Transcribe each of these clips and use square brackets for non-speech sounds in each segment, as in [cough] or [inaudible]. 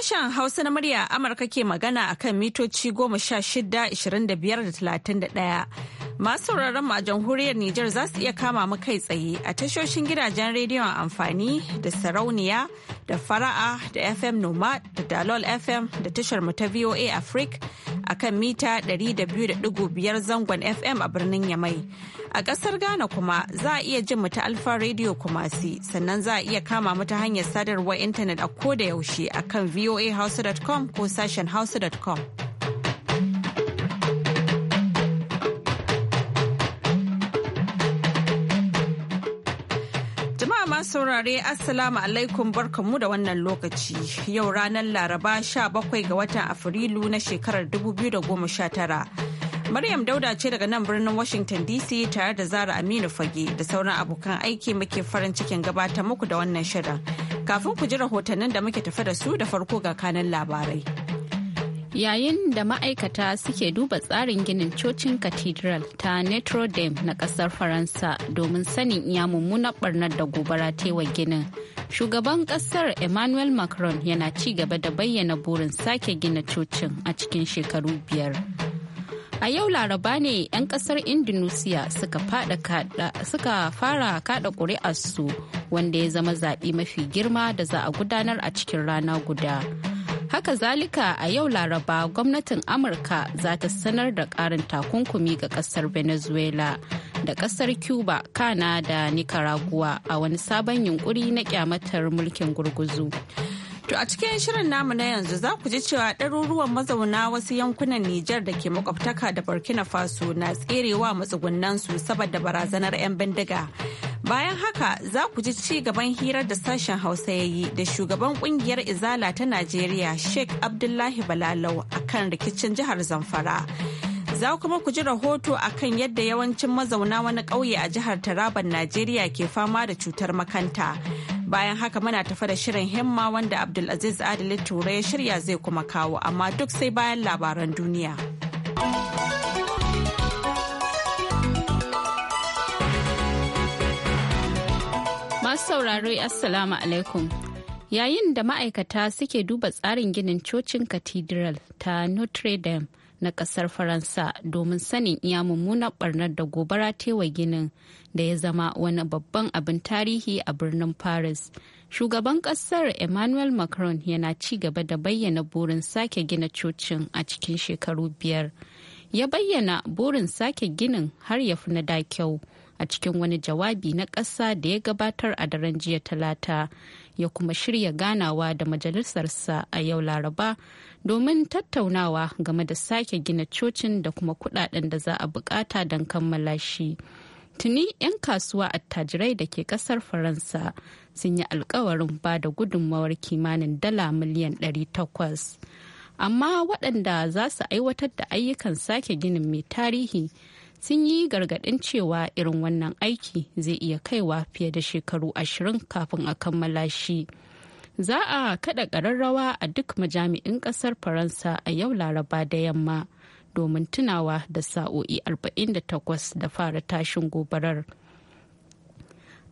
Sashen Hausa na murya Amurka ke magana a kan mitoci goma sha shida, ishirin da biyar da talatin da ɗaya. Masu sauraron a jamhuriyar Nijar za su iya kama mu kai tsaye a tashoshin gidajen rediyon amfani da sarauniya da fara'a da FM Noma da Dalol FM da tashar mu ta VOA Africa a kan mita 200.5 zangon FM a birnin Yamai. A ƙasar Ghana kuma za a iya jin mu ta Alfa Radio Kumasi sannan za a iya kama mu ta hanyar sadarwar intanet a koda yaushe a kan voahouse.com ko sashen hausa.com. ma saurare Assalamu alaikum barkanmu da wannan lokaci. Yau ranar Laraba 17 ga watan Afrilu na shekarar 2019. Maryam Dauda ce daga nan birnin Washington DC tare da Zara Aminu Fage da sauran abokan aiki muke farin cikin gabatar muku da wannan shirin. Kafin ku ji rahotannin da muke tafe da su da farko ga kanan labarai. yayin da ma'aikata suke duba tsarin ginin cocin cathedral ta Notre Dame na kasar Faransa domin sanin iya mummunar barnar da gobara wa ginin. Shugaban kasar Emmanuel Macron yana ci gaba da bayyana burin sake gina cocin a cikin shekaru biyar. A yau laraba ne 'yan kasar Indonesia suka, suka fara kada ƙuri'arsu wanda ya zama zaɓi mafi girma da za a gudanar a cikin rana guda. Haka zalika a yau Laraba gwamnatin Amurka za ta sanar da ƙarin takunkumi ga ƙasar Venezuela da ƙasar Cuba, Kana da Nicaragua a wani sabon yunkuri na kyamatar mulkin gurguzu. To a cikin shirin namu na yanzu za ku ji cewa ɗaruruwan mazauna wasu yankunan Nijar da ke makwabtaka da Burkina Faso na tserewa matsugunansu saboda barazanar 'yan bindiga. Bayan haka za ku ji ci gaban hirar da sashen Hausa ya yi da shugaban kungiyar Izala ta Najeriya Sheikh Abdullahi Balalau kan rikicin jihar Zamfara. Za kuma ku ji rahoto a kan yadda yawancin mazauna wani ƙauye a jihar Taraban Najeriya ke fama da cutar makanta. Bayan haka muna tafa da shirin himma wanda Abdulaziz Adili Ture ya shirya zai kuma kawo amma duk sai bayan labaran duniya. Masu sauraro Assalamu alaikum. Yayin da ma'aikata suke duba tsarin ginin cocin Cathedral ta Notre Dame na kasar Faransa domin sanin iya mummunan barnar da gobara tewa ginin da ya zama wani babban abin tarihi a birnin Paris. Shugaban kasar Emmanuel Macron yana ci gaba da bayyana burin sake gina cocin a cikin shekaru biyar. Ya bayyana burin sake ginin har ya fi na da kyau. a cikin wani jawabi na ƙasa da ya gabatar a daren jiya talata ya kuma shirya ganawa da majalisarsa a yau laraba domin tattaunawa game da sake gina cocin da kuma kuɗaɗen da za a buƙata don kammala shi. tuni 'yan kasuwa attajirai da ke ƙasar faransa sun yi alkawarin ba da gudunmawar kimanin dala miliyan 800 amma waɗanda za su aiwatar da ayyukan sake ginin mai tarihi sun yi gargaɗin cewa irin wannan aiki zai iya kaiwa fiye da shekaru ashirin kafin a kammala shi. Za a kaɗa ƙararrawa a duk majami'in ƙasar Faransa a yau Laraba da yamma domin tunawa da sa'o'i 48 da fara tashin gobarar.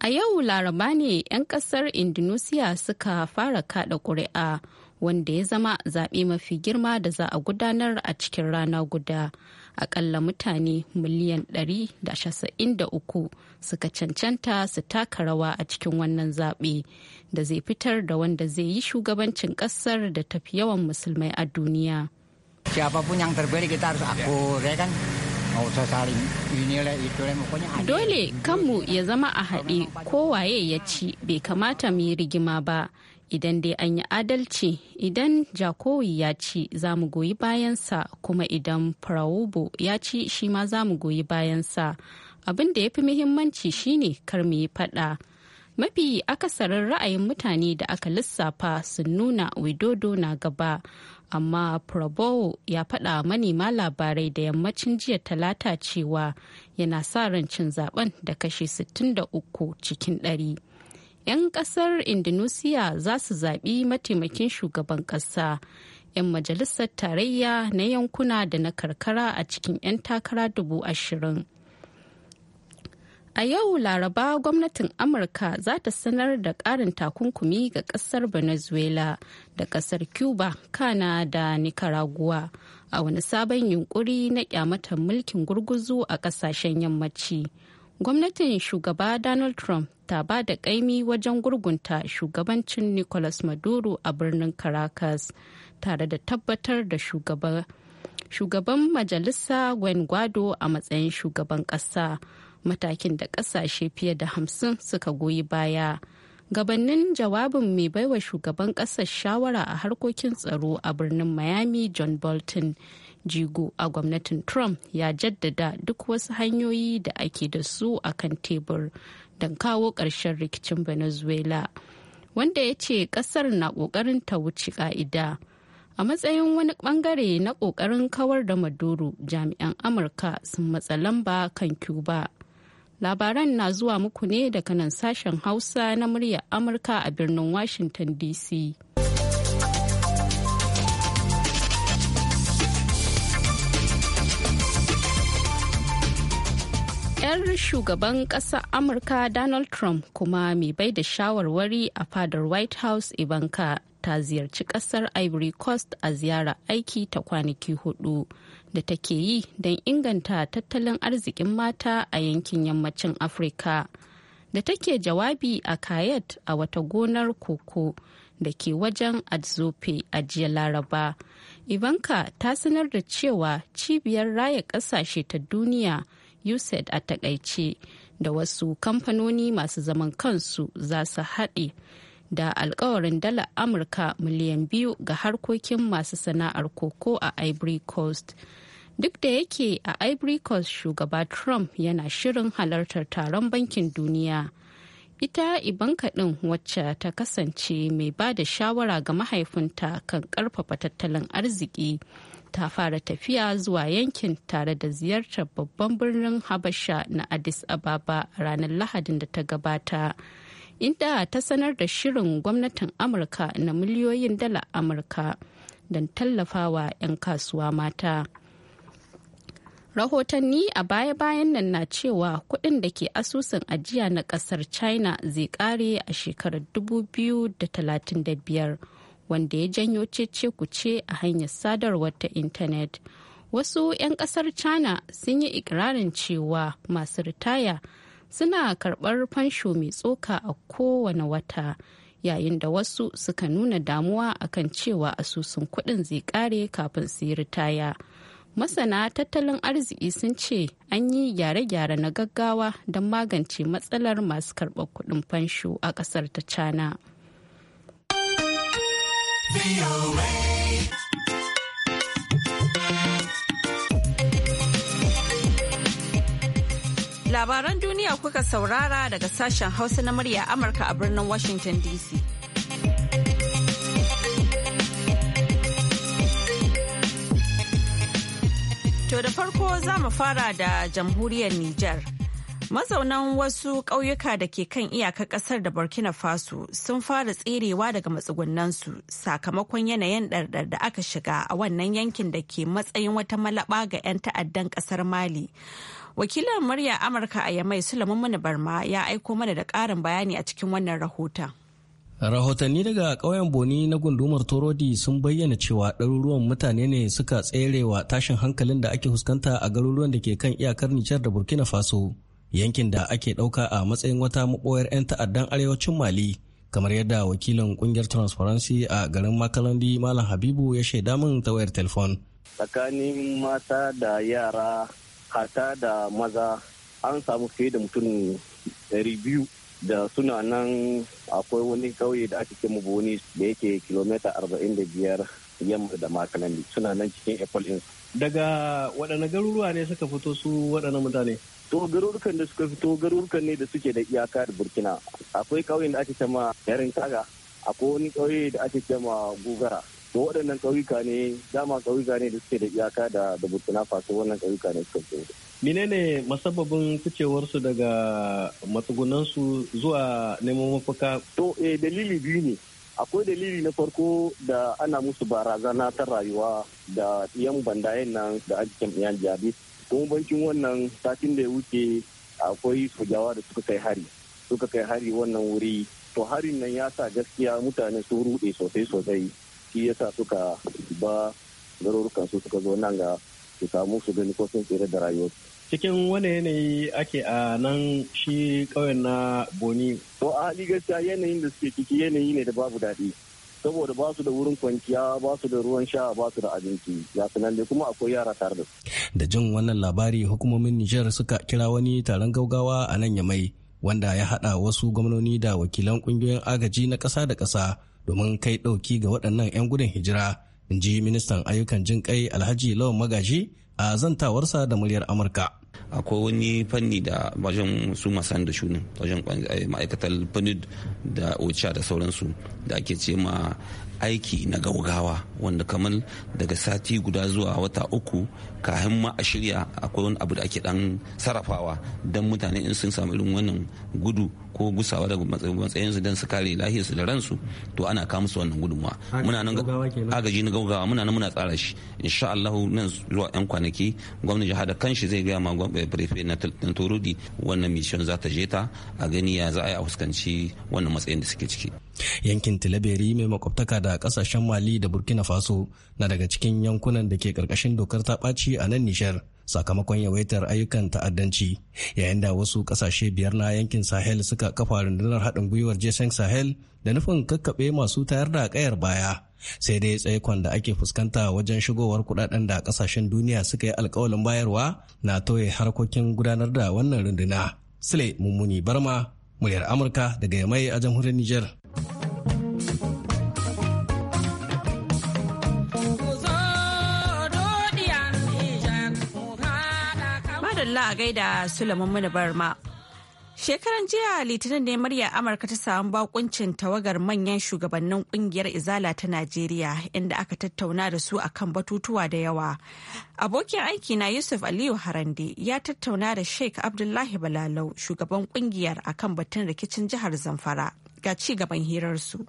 A yau Laraba ne 'yan ƙasar Indonesia suka fara kaɗa ƙuri'a. wanda ya zama zaɓe mafi girma da za a gudanar a cikin rana guda akalla mutane miliyan 193 suka cancanta su taka rawa a cikin wannan zaɓe da zai fitar da wanda zai yi shugabancin ƙasar da tafi yawan musulmai a duniya. Dole kanmu ya zama a haɗe kowaye ya ci bai kamata mu yi rigima ba idan dai an yi adalci idan jakowi ya ci za mu goyi bayansa kuma idan prawobo ya ci shi ma za mu goyi bayansa abin da ya fi muhimmanci shine kar mu yi fada mafi akasarin ra'ayin mutane da aka lissafa sun nuna widodo na gaba amma prabowo ya faɗa manema labarai da yammacin jiya talata cewa yana sa ran cin zaben da kashi 63 cikin ɗari. 'yan kasar indonesia za su zaɓi mataimakin shugaban ƙasa 'yan majalisar tarayya na yankuna da na karkara a cikin 'yan takara dubu ashirin a yau laraba gwamnatin amurka za ta sanar da ƙarin takunkumi ga ƙasar venezuela da ƙasar cuba kana da nicaragua a wani sabon yunkuri na kyamatan mulkin gurguzu a ƙasashen yammaci. gwamnatin shugaba donald trump ta ba da kaimi wajen gurgunta shugabancin nicolas maduro a birnin caracas tare da tabbatar da shugaban majalisa gwen guado a matsayin shugaban kasa matakin da kasashe fiye da hamsin suka goyi baya gabanin jawabin mai baiwa shugaban ƙasar shawara a harkokin tsaro a birnin miami john bolton jigo a gwamnatin trump ya jaddada duk wasu hanyoyi da ake da su a kan tebur don kawo ƙarshen rikicin venezuela wanda ya ce ƙasar na ƙoƙarin ta wuce ƙa'ida a matsayin wani ɓangare na ƙoƙarin kawar da maduro jami'an amurka sun matsa lamba kan cuba labaran na zuwa muku ne daga nan sashen hausa na muryar amurka a birnin washington dc tsohon shugaban ƙasar amurka donald trump kuma mai bai da shawarwari a fadar white house ivanka ta ziyarci ƙasar ivory coast a ziyara aiki ta kwanaki hudu da take yi don inganta tattalin arzikin mata a yankin yammacin afirka da take jawabi a kayat a wata gonar koko da ke wajen adzope a jiya laraba ivanka ta sanar da cewa cibiyar raya ƙasashe ta duniya usaid a takaice da wasu kamfanoni masu zaman kansu za su haɗe da alkawarin dala amurka miliyan biyu ga harkokin masu sana'ar koko a ivory coast duk da yake a ivory coast shugaba trump yana shirin halartar taron bankin duniya ita ibanka ɗin wacce ta kasance mai ba da shawara ga mahaifinta kan ƙarfafa tattalin arziki ta fara tafiya zuwa yankin tare da ziyartar babban birnin habasha na addis ababa ranar lahadin da ta gabata inda ta sanar da shirin gwamnatin amurka na miliyoyin dala amurka don tallafawa 'yan kasuwa mata rahotanni a baya-bayan nan na cewa kuɗin da ke asusun ajiya na ƙasar china zai kare a shekarar 2035 wanda ya janyo cece ce a hanyar sadarwar ta intanet wasu 'yan kasar china sun yi ikirarin cewa masu ritaya suna karɓar fansho mai tsoka a kowane wata yayin da wasu suka nuna damuwa akan cewa asusun kuɗin zai kare kafin su yi ritaya masana tattalin arziki sun ce an yi gyare-gyare na gaggawa don magance matsalar masu karɓar kuɗin fansho a ƙasar ta china. Labaran duniya kuka saurara daga sashen Hausa na murya Amurka a birnin Washington DC. To da farko za mu fara da jamhuriyar Nijar. Mazaunan wasu ƙauyuka da ke kan iyakar ƙasar da Burkina Faso sun fara tserewa daga matsugunansu sakamakon yanayin ɗarɗar da aka shiga a wannan yankin da ke matsayin wata malaba ga 'yan ta'addan ƙasar Mali. Wakilin murya Amurka a Yamai Sulaiman Mani Barma ya aiko mana da ƙarin bayani a cikin wannan rahoton. Rahotanni daga ƙauyen Boni na gundumar Torodi sun bayyana cewa ɗaruruwan mutane ne suka tserewa tashin hankalin da ake fuskanta a garuruwan da ke kan iyakar Nijar da Burkina Faso. yankin da ake ɗauka a matsayin wata maɓoyar 'yan ta'addan arewacin mali kamar yadda wakilin kungiyar transparency a garin makalandi malam habibu ya shaida min ta wayar telefon tsakanin mata da yara hata da maza an samu fiye da mutum biyu da suna nan akwai wani kauye da ake kema boni da yake kilomita 45 yamma da makalandi suna nan cikin apple ins daga waɗanne garuruwa ne suka fito su waɗannan mutane to garurukan da suka fito garurukan ne da suke da iyaka da burkina akwai ƙauyen da ake cema yarin kaga akwai wani ƙauye da ake cema gugara to waɗannan ƙauyuka ne dama ƙauyuka ne da suke da iyaka da da burkina faso wannan ƙauyuka ne suka fito menene masababin ficewarsu daga matsugunansu zuwa neman mafaka to eh dalili biyu ne akwai dalili na farko da ana musu barazana ta rayuwa da yan bandayen nan da ake yan jabi kuma bankin wannan satin da ya wuce akwai sojawa da suka kai hari suka kai hari wannan wuri to harin nan ya sa gaskiya mutane su rude sosai sosai shi yasa suka ba garurukan su suka zo nan ga su samu su gani ko tsere da rayuwa. cikin wani yanayi ake a nan shi ƙauyen na boni ko a gaskiya yanayin da suke ciki yanayi ne da babu daɗi saboda ba su da wurin kwanciya ba su da ruwan sha ba su da abinci ya sanan da kuma akwai yara tare da su da jin wannan labari hukumomin nijar suka kira wani taron gaugawa a nan yamai wanda ya haɗa wasu gwamnoni da wakilan ƙungiyoyin agaji na ƙasa da ƙasa domin kai ɗauki ga waɗannan 'yan gudun hijira in ji ministan ayyukan jin kai alhaji lawan magaji a zantawarsa da muryar amurka akwai wani fanni da wajen su masu da shunin wajen eh, ma'aikatar fanid da ocha da sauransu da ake ce ma aiki na gaugawa wanda kamar daga sati guda zuwa wata uku kafin ma a shirya akwai wani abu da ake dan sarrafawa don mutane in sun samu irin wannan gudu ko gusawa daga su don su kare lahiyarsu da ransu to ana kawo musu wannan gudunmuwa muna nan agaji na gaugawa muna nan muna tsara shi insha Allah nan zuwa yan kwanaki gwamnati jihar da kanshi zai gaya ma eh, prefe na Torodi wannan mission za ta je ta a gani ya za a yi a fuskanci wannan matsayin da suke ciki yankin tilaberi mai makwabtaka da kasashen mali da burkina faso na daga cikin yankunan da ke karkashin dokar ta ɓaci a nan nishar sakamakon yawaitar ayyukan ta'addanci yayin da wasu kasashe biyar na yankin sahel suka kafa rundunar haɗin gwiwar jason sahel da nufin kakkaɓe masu tayar da kayar baya sai dai tsaikon da ake fuskanta wajen shigowar kudaden da ƙasashen duniya suka yi alkawalin bayarwa na toye harkokin gudanar da wannan runduna sule mummuni barma muryar Amurka daga Yamai a jamhuriyar Nijar. Madalla a gaida Sulaiman Muni ma. Shekaran jiya Litinin ne murya Amurka ta samu bakuncin tawagar manyan shugabannin kungiyar Izala ta Najeriya inda aka tattauna da su akan batutuwa da yawa. Abokin aiki na Yusuf Aliyu Harande ya tattauna da Sheikh Abdullahi Balalau shugaban kungiyar akan batun rikicin jihar Zamfara ga ci gaban hirarsu.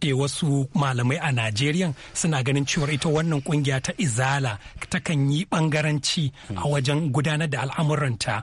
da wasu malamai a Najeriya suna ganin cewar ita wannan kungiya ta izala takan yi bangaranci a wajen gudanar da al'amuranta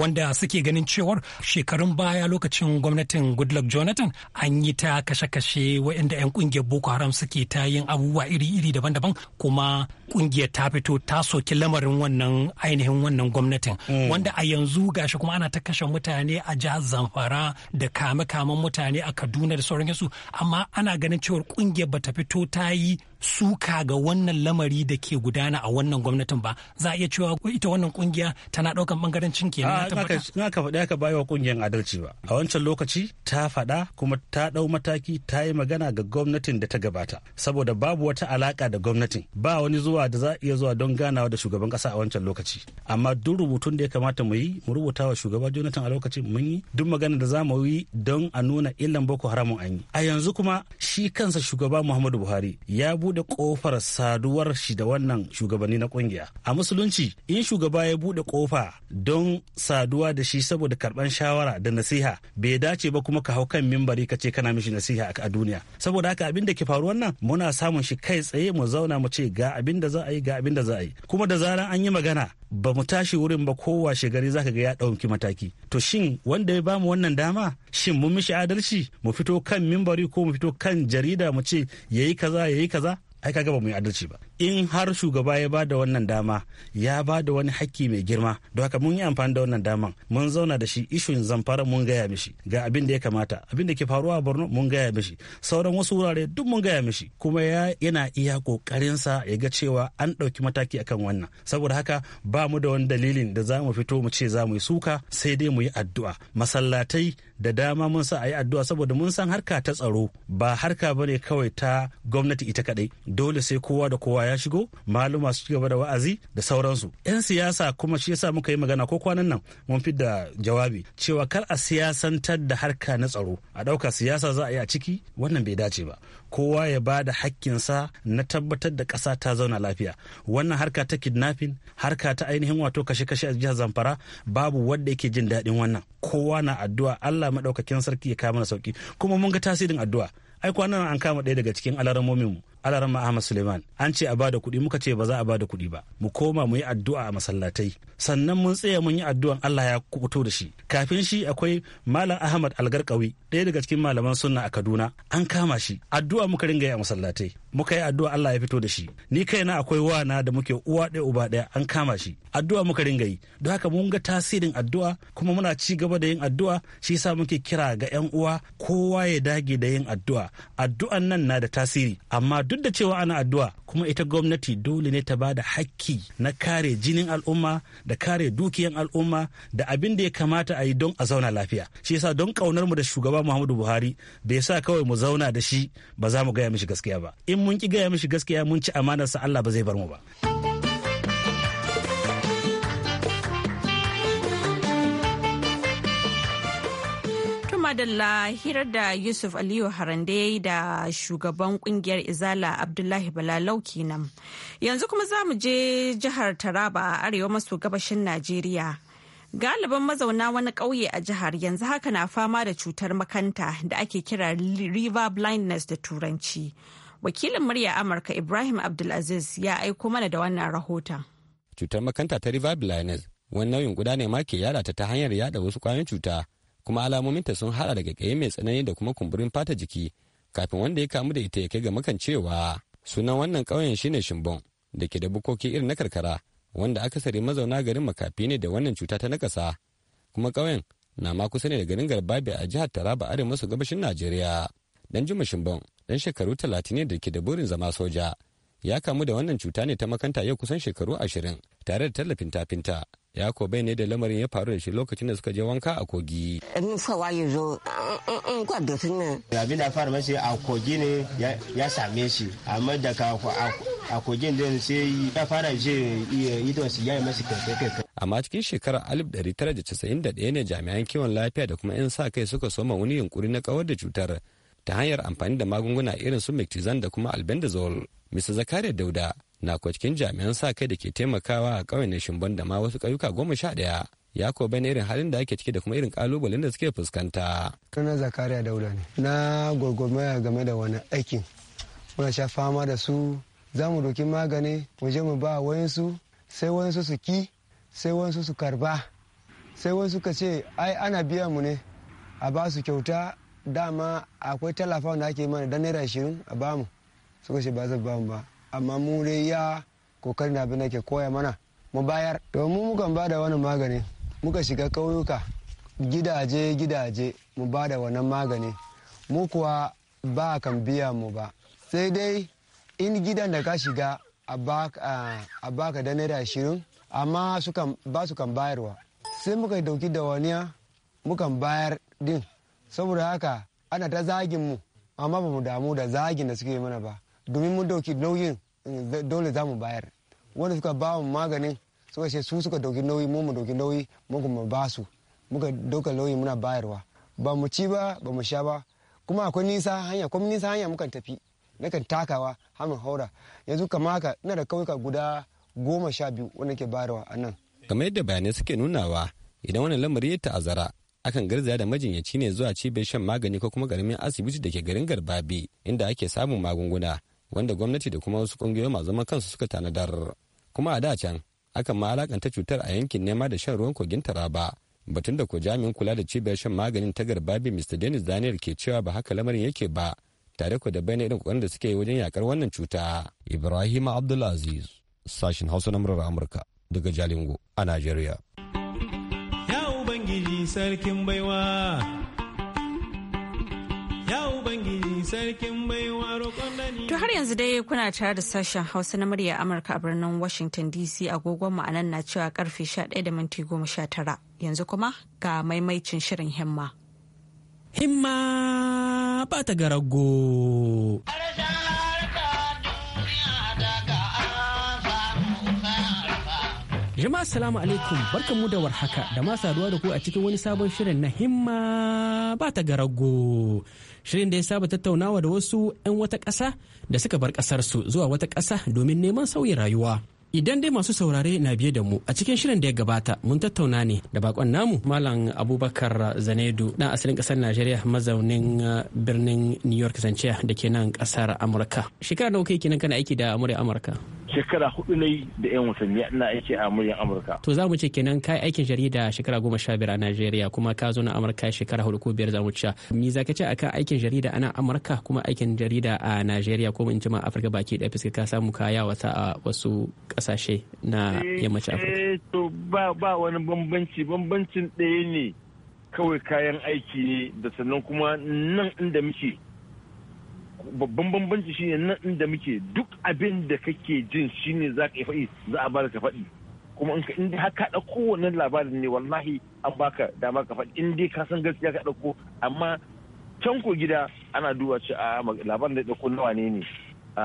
wanda suke ganin cewar shekarun baya lokacin gwamnatin Goodluck Jonathan an yi ta kashe-kashe wa'inda 'yan kungiyar Boko Haram suke ta yin abubuwa iri-iri daban-daban kuma kungiyar ta fito ta soki lamarin wannan ainihin wannan gwamnatin mm. wanda a yanzu gashi kuma ana ta kashe mutane a jihar Zamfara da kame-kamen mutane a Kaduna da sauransu amma ana ana ganin cewar kungiyar bata fito ta yi suka ga wannan lamari da ke gudana a wannan gwamnatin ba za a iya cewa ita wannan kungiya tana daukan bangarancin kenan na ah, na ka faɗa ka bayo kungiyar adalci ba a wancan lokaci ta faɗa kuma ta dau mataki ta yi magana ga gwamnatin da ta gabata saboda babu wata alaka da gwamnatin ba wani zuwa da za a iya zuwa don ganawa da shugaban ƙasa a wancan lokaci amma duk rubutun da ya kamata mu yi mu rubuta wa shugaban Jonathan a lokacin mun yi duk magana da za mu yi don a nuna illan Boko haramun an yi a yanzu kuma shi kansa shugaba Muhammadu Buhari ya bu bude kofar saduwar shi da wannan shugabanni na kungiya A musulunci in shugaba ya bude kofa don saduwa da shi saboda karban shawara da nasiha bai dace ba kuma ka hau kan mimbari ka ce kana mishi nasiha a duniya. Saboda haka abin da ke faru wannan muna samun shi kai tsaye mu zauna mu ce ga abin da za a yi ga abin da za a yi. Kuma da zaran an yi magana ba mu tashi wurin ba kowa shigari zaka ga ya dauki mataki. To shin wanda ya bamu wannan dama shin mun mishi adalci mu fito kan mimbari ko mu fito kan jarida mu ce yayi kaza yayi kaza ai kaga ba mu yi adalci ba in har shugaba ya ba da wannan dama ya ba da wani hakki mai girma don haka mun yi amfani da wannan daman mun zauna da shi ishun zamfara mun gaya mishi ga abin da ya kamata abin da ke faruwa a borno mun gaya mishi sauran wasu wurare duk mun gaya mishi kuma ya yana iya kokarinsa ya ga cewa an ɗauki mataki akan wannan saboda haka ba mu da wani dalilin da za mu fito mu ce za mu yi suka sai dai mu yi addu'a masallatai da dama mun sa a yi addu'a saboda mun san harka ta tsaro ba harka bane kawai ta gwamnati ita kadai dole sai kowa da kowa ya shigo maluma su gaba da wa'azi da sauransu yan siyasa kuma shi yasa muka yi magana ko kwanan nan mun fi da jawabi cewa kar a siyasantar da harka na tsaro a ɗauka siyasa za a yi a ciki wannan bai dace ba kowa ya ba da hakkinsa na tabbatar da ƙasa ta zauna lafiya wannan harka ta kidnapping harka ta ainihin wato kashe-kashe a jihar zamfara babu wanda yake jin daɗin wannan kowa na addu'a allah maɗaukakin sarki ya kawo mana sauki kuma mun ga tasirin addu'a ai kwanan an kama ɗaya daga cikin alaramomin alaran Ahmad Suleiman an ce a bada kuɗi muka ce ba za a bada kuɗi ba mu koma mu yi addu'a a masallatai sannan mun tsaya mun yi addu'an Allah ya kubuto da shi kafin shi akwai Malam Ahmad Algarkawi ɗaya daga cikin malaman sunna a Kaduna an kama shi addu'a muka ringa yi a masallatai muka yi addu'a Allah ya fito da shi ni kaina akwai wana da muke uwa ɗaya uba ɗaya an kama shi addu'a muka ringa yi don haka mun ga tasirin addu'a kuma muna ci gaba da yin addu'a shi yasa muke kira ga yan uwa kowa ya dage da yin addu'a addu'an nan na da tasiri amma duk da cewa ana addu'a kuma ita gwamnati dole ne ta ba da hakki na kare jinin al'umma da kare dukiyan al'umma da abin da ya kamata a yi don a zauna lafiya shi yasa don ƙaunar mu da shugaba Muhammadu Buhari bai sa kawai mu zauna da shi ba za mu gaya mishi gaskiya ba in mun ki gaya mishi gaskiya mun ci amanarsa Allah ba zai bar mu ba. madalla hirar da yusuf aliyu harande da shugaban kungiyar izala abdullahi balalau kenan yanzu kuma za mu je jihar taraba a arewa maso gabashin najeriya galiban mazauna wani ƙauye a jihar yanzu haka na fama da cutar makanta da ake kira river blindness da turanci wakilin murya amurka ibrahim abdulaziz ya aiko mana da wannan rahoton cutar makanta ta river rivabilinase wani nau'in guda ne ma ke yada ta ta hanyar yada wasu kwayoyin cuta kuma alamominta sun hada daga gaggaye mai tsanani da kuma kumburin fata jiki kafin wanda ya kamu da ita ya kai ga makancewa sunan wannan ƙauyen shine shimbon da ke da bukoki irin na karkara wanda akasari mazauna garin makafi ne da wannan cuta ta nakasa kuma ƙauyen na ma kusa ne da garin garbabe a jihar taraba arewa maso gabashin najeriya dan juma shimbon dan shekaru talatin ne da ke da burin zama soja ya kamu da wannan cuta ne ta makanta yau kusan shekaru ashirin tare da tallafin tafinta ya ko bai ne da lamarin ya faru da shi lokacin da suka je wanka a kogi. in fawa ya zo in kwado tun nan. abin da fara masa a kogi ne ya same shi amma daga a kogin din sai ya fara je ido su yayi masa kankan amma cikin shekarar 1991 ne jami'an kiwon lafiya da kuma 'yan sa kai suka soma wani yunkuri na kawar da cutar ta hanyar amfani da magunguna irin su mectizan da kuma albendazole mr zakaria dauda na kwacikin jami'an sa kai da ke taimakawa a ƙauyen shimban da ma wasu ƙauyuka goma sha ɗaya ya ko bayan irin halin da ake ciki da kuma irin kalubalen da suke fuskanta. Tuna Zakariya Dauda ne. Na gwagwarmaya game da wani aikin. Muna sha fama da su za mu doki magani mu je mu ba wayansu sai wayansu su ki sai wayansu su karba sai wayansu ka ce ai ana biya mu ne a ba su kyauta dama akwai tallafa da ake mana dan naira ashirin a bamu suka ce ba zai bamu ba amma mu dai ya kokarin da abin da ke koya mana mu bayar to mu muka ba da wannan magani muka shiga kauyuka gidaje gidaje mu ba da wannan magani mu kuwa ba kan biya mu ba sai dai in gidan da ka shiga a baka da naira ashirin amma ba su kan bayarwa sai muka dauki dawaniya mukan bayar din saboda haka ana ta zagin mu amma ba mu damu da zagin da suke mana ba domin mun dauki nauyin eh, dole za mu bayar wanda suka ba mu maganin suka ce su suka dauki nauyi mu mu dauki nauyi mu kuma ba su muka dauka nauyi muna bayarwa ba mu ci ba ba mu sha ba kuma akwai nisa hanya kuma nisa hanya mukan tafi nakan takawa hamin haura yanzu kama haka ina da kauyuka guda goma sha biyu wanda ke bayarwa a nan kamar yadda bayanai suke nunawa idan wani lamari ya ta'azara akan garzaya da majinyaci ne zuwa cibiyar shan magani ko kuma garamin asibiti da ke garin garbabi inda ake samun magunguna wanda gwamnati da kuma wasu kungiyoyi masu zaman kansu suka tanadar kuma a da can akan ma alakanta cutar a yankin nema da shan ruwan kogin taraba batun da ko jami'in kula da cibiyar shan maganin ta garbabi mr dennis daniel ke cewa ba haka lamarin yake ba tare ku da bayan irin kokarin da suke yi wajen yakar wannan cuta ibrahim abdulaziz sashin hausa na murar amurka daga jalingo a najeriya Ubangiji sarkin baiwa. To har yanzu dai kuna tare da sashen Hausa na murya Amurka a birnin Washington DC agogon mu anan na cewa karfe 11:19 da Yanzu kuma ga maimaicin shirin himma. Himma ba ta garago. Jama'a salamu alaikum barkanmu da warhaka da ma saduwa da ku a cikin wani sabon shirin na himma ba ta garago. Shirin da ya saba tattaunawa da wasu 'yan wata ƙasa da suka bar ƙasarsu zuwa wata ƙasa domin neman sauyin rayuwa. Idan dai masu saurare na biye da mu a cikin shirin da ya gabata mun tattauna ne da bakon namu Malam Abubakar Zanedu dan asalin kasar Najeriya mazaunin uh, birnin New York zance da ke nan kasar Amurka. Shekara nawa kai kenan kana aiki da Amurka? shekara hudu ne da 'yan wasanni ina aiki a muryar amurka to za mu ce kenan kai aikin jarida shekara goma sha biyar a najeriya kuma ka zo na amurka shekara hudu ko biyar za mu ce me za ka ce akan aikin jarida a nan amurka kuma aikin jarida a najeriya ko in ma afirka baki ɗaya fiska ka samu kaya wata a wasu ƙasashe na eh, yammacin afirka eh, to ba ba wani bambanci bambancin ɗaya ne kawai kayan aiki ne da sannan kuma nan inda muke babban bambanci shine nan inda muke duk abin da kake jin shine za ka faɗi za a bada ka faɗi kuma in ka inda ka da kowanne labarin ne wallahi an baka dama ka faɗi in dai ka san gaskiya ka ɗauko amma can ko gida ana duba ce ah, a labarin da ɗauko nawa ne ne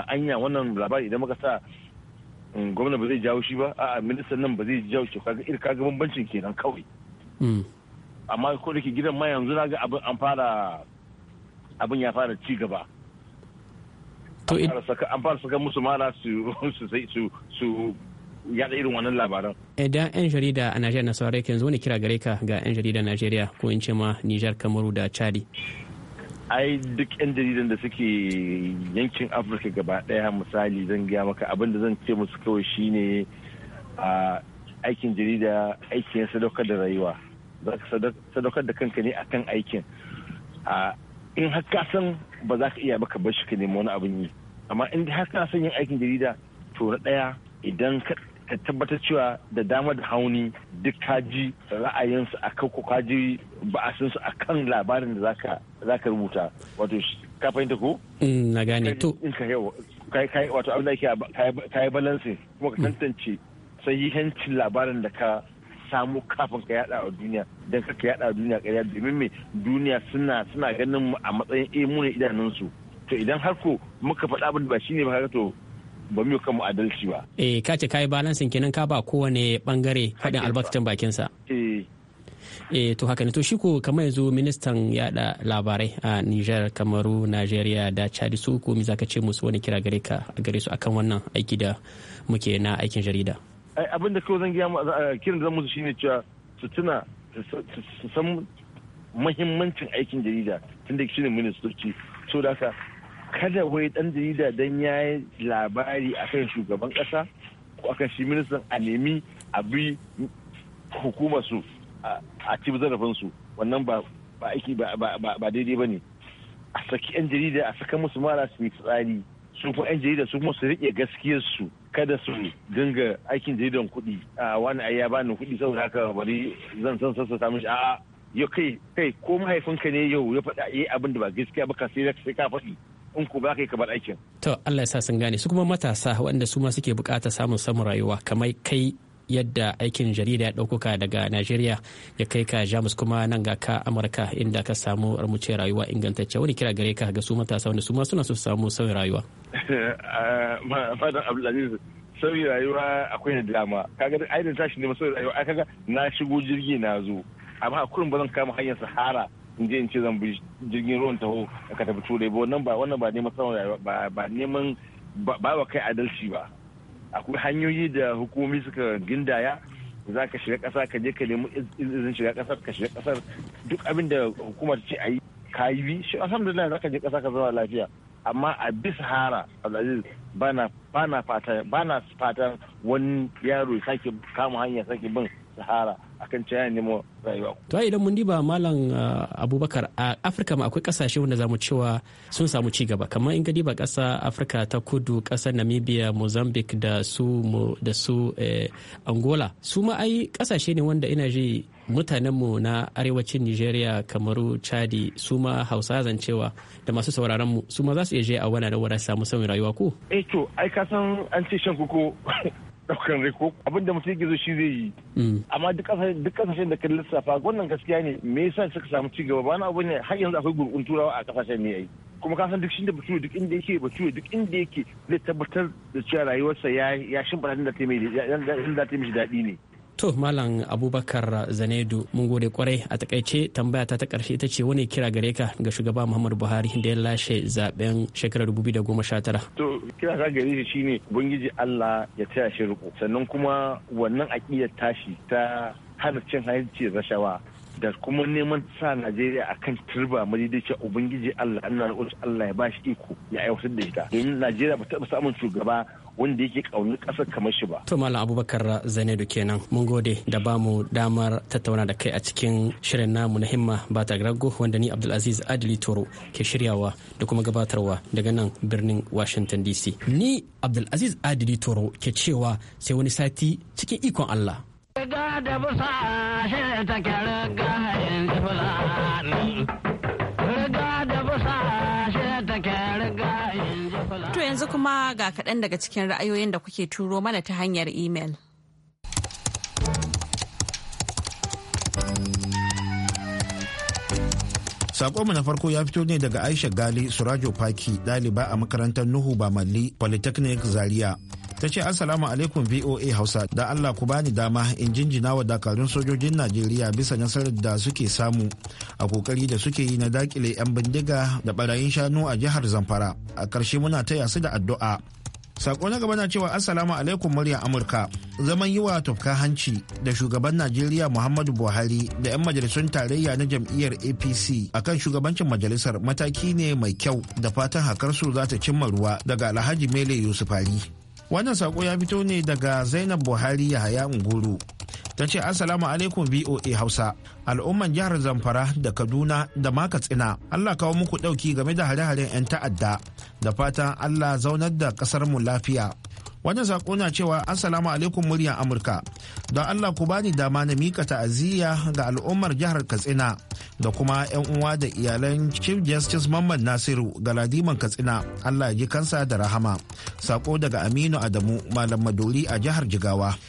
anya wannan labari idan muka sa mm, gwamna ba zai jawo shi ba a ministan nan ba zai jawo shi kaga irka ga bambancin kenan kawai mm. amma ko da ke gidan ma yanzu na ga abin an fara abin ya fara ci gaba to an fara saka musu mara su [laughs] su su yada irin wannan labaran idan yan jarida a najeriya na saurare yanzu wani kira gare ka ga yan jarida najeriya ko in ce ma nijar kamaru da chadi ai duk 'yan jaridan da suke yankin afirka gaba daya misali zan gaya maka abin da zan ce musu kawai shine a aikin jarida aikin sadaukar da rayuwa sadaukar da kanka ne akan aikin in ka san ba za ka iya ba ka bar shi ka nemi wani abin yi amma in har kana son yin aikin jarida to na ɗaya idan ka tabbatar cewa da dama da hauni duk ji ra'ayinsu a kan ka ji ba'asinsu a kan labarin da za ka rubuta wato ka fahimta ko? Mm, na gane to wato abin da ka yi kuma ka mm. tantance sahihancin labarin da ka samu kafin ka yada a duniya don ka yada a duniya ƙarya domin me duniya suna suna ganin mu a matsayin eh mu ne idanunsu to idan har ko muka faɗa abin ba shine ba to ba mu kanmu adalci ba eh ka ce kai balansin kenan ka ba kowane bangare faɗin albarkacin bakin sa eh. eh to haka ne to shi ko kamar yanzu ministan yada labarai a Niger Kamaru Nigeria da Chad su ko mi zaka ce musu wani kira gare ka gare su akan wannan aiki da muke na aikin jarida abin da kawai zan gaya eh, kiran da zan musu shine cewa su tuna su san mahimmancin aikin jarida tun da shine ministoci so da haka kada wai dan jarida dan ya yi labari akan shugaban kasa ko akan shi ministan a nemi a bi hukumar su a ci zarafin wannan ba aiki ba daidai ba ne a saki yan jarida a saka musu mara su yi tsari su kuma yan jarida su kuma su riƙe gaskiyar su kada su dinga aikin jaridan kuɗi a wani ai ya bani kuɗi saboda haka bari zan san sassa samu shi a'a yau kai kai ko mahaifinka ne yau ya faɗa yi abin da ba gaskiya ba ka sai ka faɗi in ku ba ka yi kamar aikin. To Allah ya sa sun gane su kuma matasa waɗanda su ma suke buƙatar samun samun rayuwa kamar kai yadda aikin jarida ya ɗaukuka daga najeriya ya kai ka jamus kuma nan ga ka amurka inda ka samu armuce rayuwa ingantacce wani kira gare ka ga su matasa wanda su ma suna su samu sauyin rayuwa [laughs] fadan abdulaziz sauyin rayuwa akwai da dama kaga da ainihin tashi ne sauyin rayuwa ai kaga na shigo jirgi na zo amma a kurin ba zan kama hanyar sahara in je in ce zan bi jirgin ruwan taho ka tafi turai ba wannan ba wannan ba neman sauyin rayuwa ba neman ba wa kai adalci ba akwai hanyoyi da hukumomi suka gindaya za ka shiga ƙasa ka je ka nemi izinin shiga ƙasar ka shiga ƙasar duk abin da hukumar ce a yi ka yi bi shi alhamdulillah za ka je ƙasa ka zama lafiya amma a bisahara hara ba bana bana fata wani yaro sake kama hanya sake bin sahara akan cewa nemo rayuwa to idan mun diba malam uh, abubakar a afirka ma akwai kasashe wanda zamu cewa sun samu ci gaba kamar in ga diba kasa afirka ta kudu kasar namibia mozambique da su da su eh, angola su ma ai kasashe ne wanda ina ji mu na arewacin nigeria kamaru chadi su ma hausa zancewa da masu sauraron mu su ma za su iya je a wani da wani samu sauyin rayuwa ko eh to ai ka san an ce shan kuku [laughs] daukan riko ko abin da mutum gizo shi zai yi mm. amma duk kasashen da ka lissafa wannan gaskiya ne me yasa suka samu ci gaba ba na abu ne har yanzu akwai gurgun turawa a kasashen ne yayi kuma ka san duk shin da bature duk inda yake bature duk inda yake zai tabbatar da cewa rayuwarsa ya shimfa shimfiɗa da ta mai daɗi ne To Malam Abubakar Zanedu mun gode kwarai a takaice tambaya ta ta karshe ita ce wani kira gare ka ga shugaba Muhammadu Buhari da ya lashe zaben shekarar tara. To kira ka gare shi shine bungiji Allah ya taya shi riko sannan kuma wannan aƙidar tashi ta hana cin hanci rashawa da kuma neman sa Najeriya a kan turba madidaici Ubangiji Allah Allah na Allah ya bashi iko ya aiwatar da ita. Domin Najeriya ba taɓa samun shugaba wanda yake ƙaunar ƙasar kamar shi ba. To Malam Abubakar Zainadu kenan mun gode da ba mu damar tattauna da kai a cikin shirin namu na himma ba ta grago wanda ni Abdulaziz Adili Toro ke shiryawa da kuma gabatarwa daga nan birnin Washington DC. Ni Abdulaziz Adili Toro ke cewa sai wani sati cikin ikon Allah. Riga To yanzu kuma ga kaɗan daga cikin ra'ayoyin da kuke turo mana ta hanyar imel. mu na farko ya fito ne daga Aisha Gali Surajo paki ɗaliba a makarantar Nuhu Bamalli Polytechnic Zaria. ta ce assalamu alaikum voa hausa da allah ku bani dama in jinjina wa dakarun sojojin najeriya bisa nasarar da suke samu a kokari da suke yi na dakile 'yan bindiga da barayin shanu a jihar zamfara a karshe muna taya su da addu'a sako na gaba na cewa assalamu alaikum murya amurka zaman yi wa tufka hanci da shugaban najeriya muhammadu buhari da 'yan majalisun tarayya na jam'iyyar apc akan shugabancin majalisar mataki ne mai kyau da fatan hakarsu za ta cimma ruwa daga alhaji mele Yusuf Ali. wannan sako ya fito ne daga zainab buhari yahaya nguru ta ce assalamu alaikum voa hausa al'umman jihar zamfara da kaduna da ma katsina allah kawo muku dauki game da hare-haren 'yan ta'adda da fatan allah zaunar da kasarmu lafiya wannan sako na cewa assalamu alaikum muryar amurka don allah ku bani dama na mika ta'aziyya ga al'ummar jihar katsina da kuma 'yan uwa da iyalan chief justice mamman nasiru galadiman katsina allah ya ji kansa da rahama sako daga aminu adamu malam maduri a jihar jigawa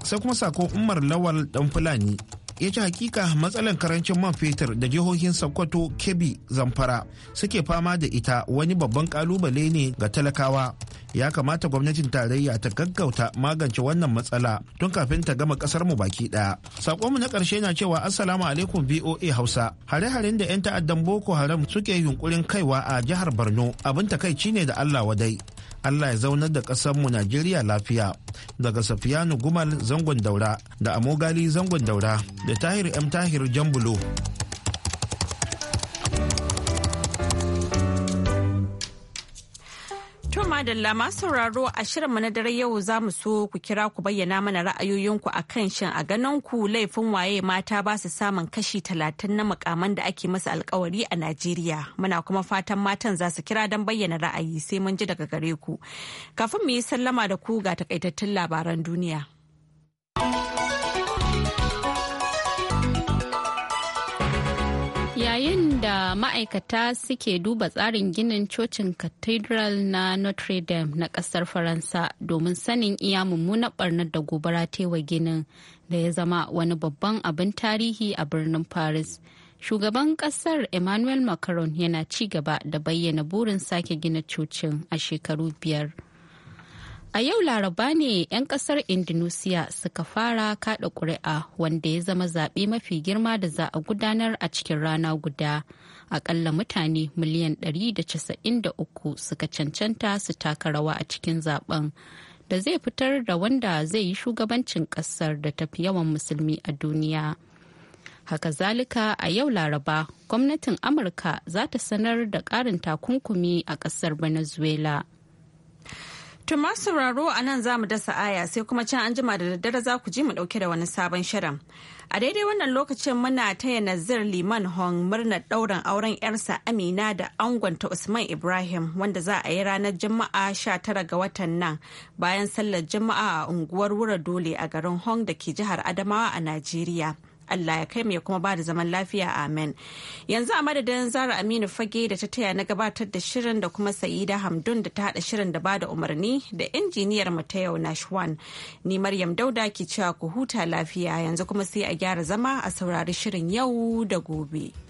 sai kuma sako umar lawal dan fulani ya ce hakika matsalar karancin man fetur da jihohin sokoto kebbi zamfara suke fama da ita wani babban kalubale ne ga talakawa ya kamata gwamnatin tarayya ta gaggauta magance wannan matsala tun kafin ta gama kasar mu baki daya mu na karshe na cewa assalamu alaikum voa hausa hare-haren da 'yan ta'addan boko haram suke yunkurin kaiwa a jihar borno abin takaici ne da allah wadai Allah ya zaunar da mu Najeriya lafiya daga Safiyanu Gumal zangon daura da Amogali zangon daura da Tahir M Tahir Jambulo. madalla masu sauraro a shirinmu na dare yau za mu so ku kira ku bayyana mana ra'ayoyinku a kan shin a ganin ku laifin waye mata ba su samun kashi talatin na mukaman da ake masa alkawari a Najeriya. Muna kuma fatan matan za su kira don bayyana ra'ayi sai mun ji daga gare ku. Kafin mu yi sallama da ku ga takaitattun labaran duniya. ma'aikata suke duba tsarin ginin cocin cathedral na notre dame na kasar faransa domin sanin iya mummunar barnar da gobara tewa ginin da ya zama wani babban abin tarihi a birnin paris shugaban kasar emmanuel macron yana ci gaba da bayyana burin sake gina cocin a shekaru biyar. A yau laraba ne 'yan kasar Indonesia suka fara kada ƙuri'a wanda ya zama zaɓe mafi girma da za a gudanar a cikin rana guda. Akalla mutane miliyan 193 suka cancanta su taka rawa a cikin zaben da zai fitar da wanda zai yi shugabancin kasar da tafi yawan musulmi a duniya. haka zalika a yau laraba gwamnatin amurka za ta sanar da ƙarin takunkumi a kasar venezuela Tuma sauraro a nan za mu dasa aya sai kuma can an jima da daddare za ku ji mu dauke da wani sabon shirin. A daidai wannan lokacin muna taya Nazir Liman Hong murnar ɗaurin auren 'yarsa Amina da angonta Usman Ibrahim wanda za a yi ranar Juma'a tara ga watan nan bayan sallar Juma'a a unguwar Wura Dole a garin Hong da ke jihar Adamawa a Najeriya. Allah ya kai mu ya kuma ba da zaman lafiya amen yanzu a madadin zara aminu fage da ta taya na gabatar da shirin da kuma sa'ida hamdun da ta haɗa shirin da ba da umarni da injiniyar mu ta yau nashwan ni maryam dauda ke cewa ku huta lafiya yanzu kuma sai a gyara zama a saurari shirin yau da gobe.